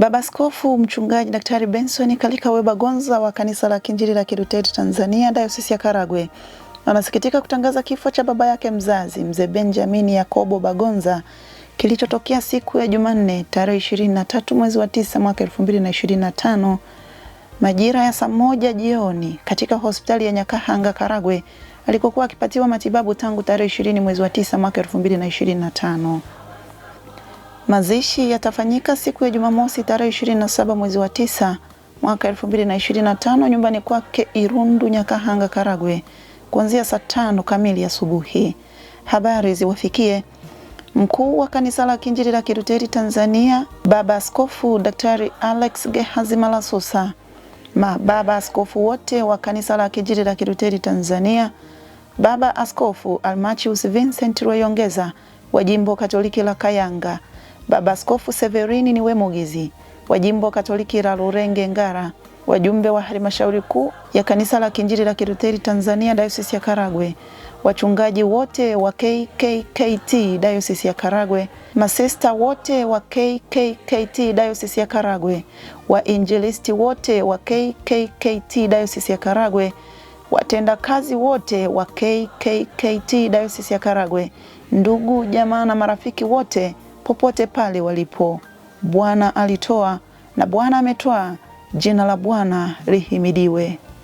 Baba Askofu Mchungaji Daktari Benson Kalika Webagonza wa Kanisa la Kiinjili la Kilutheri Tanzania Dayosisi ya Karagwe anasikitika kutangaza kifo cha baba yake mzazi Mzee Benjamin Yakobo Bagonza kilichotokea siku ya Jumanne tarehe 23 mwezi wa 9 mwaka 2025 majira ya saa moja jioni katika hospitali ya Nyakahanga Karagwe alikokuwa akipatiwa matibabu tangu tarehe 20 mwezi wa 9 mwaka 2025. Mazishi yatafanyika siku ya Jumamosi tarehe 27 mwezi wa tisa mwaka 2025 nyumbani kwake Irundu Nyakahanga Karagwe kuanzia saa tano kamili asubuhi. Habari ziwafikie mkuu wa kanisa la Kiinjili la Kilutheri Tanzania Baba Askofu Daktari Alex Gehazi Malasusa, mababa askofu wote wa kanisa la Kiinjili la kiruteri Tanzania, Baba Askofu Almachius Vincent Rweyongeza wa jimbo Katoliki la Kayanga Baba Askofu Severini Niwe Mugizi wa jimbo Katoliki la Rurenge Ngara, wajumbe wa halmashauri kuu ya kanisa la Kiinjili la Kilutheri Tanzania Dayosisi ya Karagwe, wachungaji wote wa KKKT Dayosisi ya Karagwe, masista wote wa KKKT Dayosisi ya Karagwe, wainjilisti wote wa KKKT Dayosisi ya Karagwe, watendakazi wote wa KKKT Dayosisi ya Karagwe, ndugu jamaa na marafiki wote popote pale walipo. Bwana alitoa na Bwana ametoa, jina la Bwana lihimidiwe.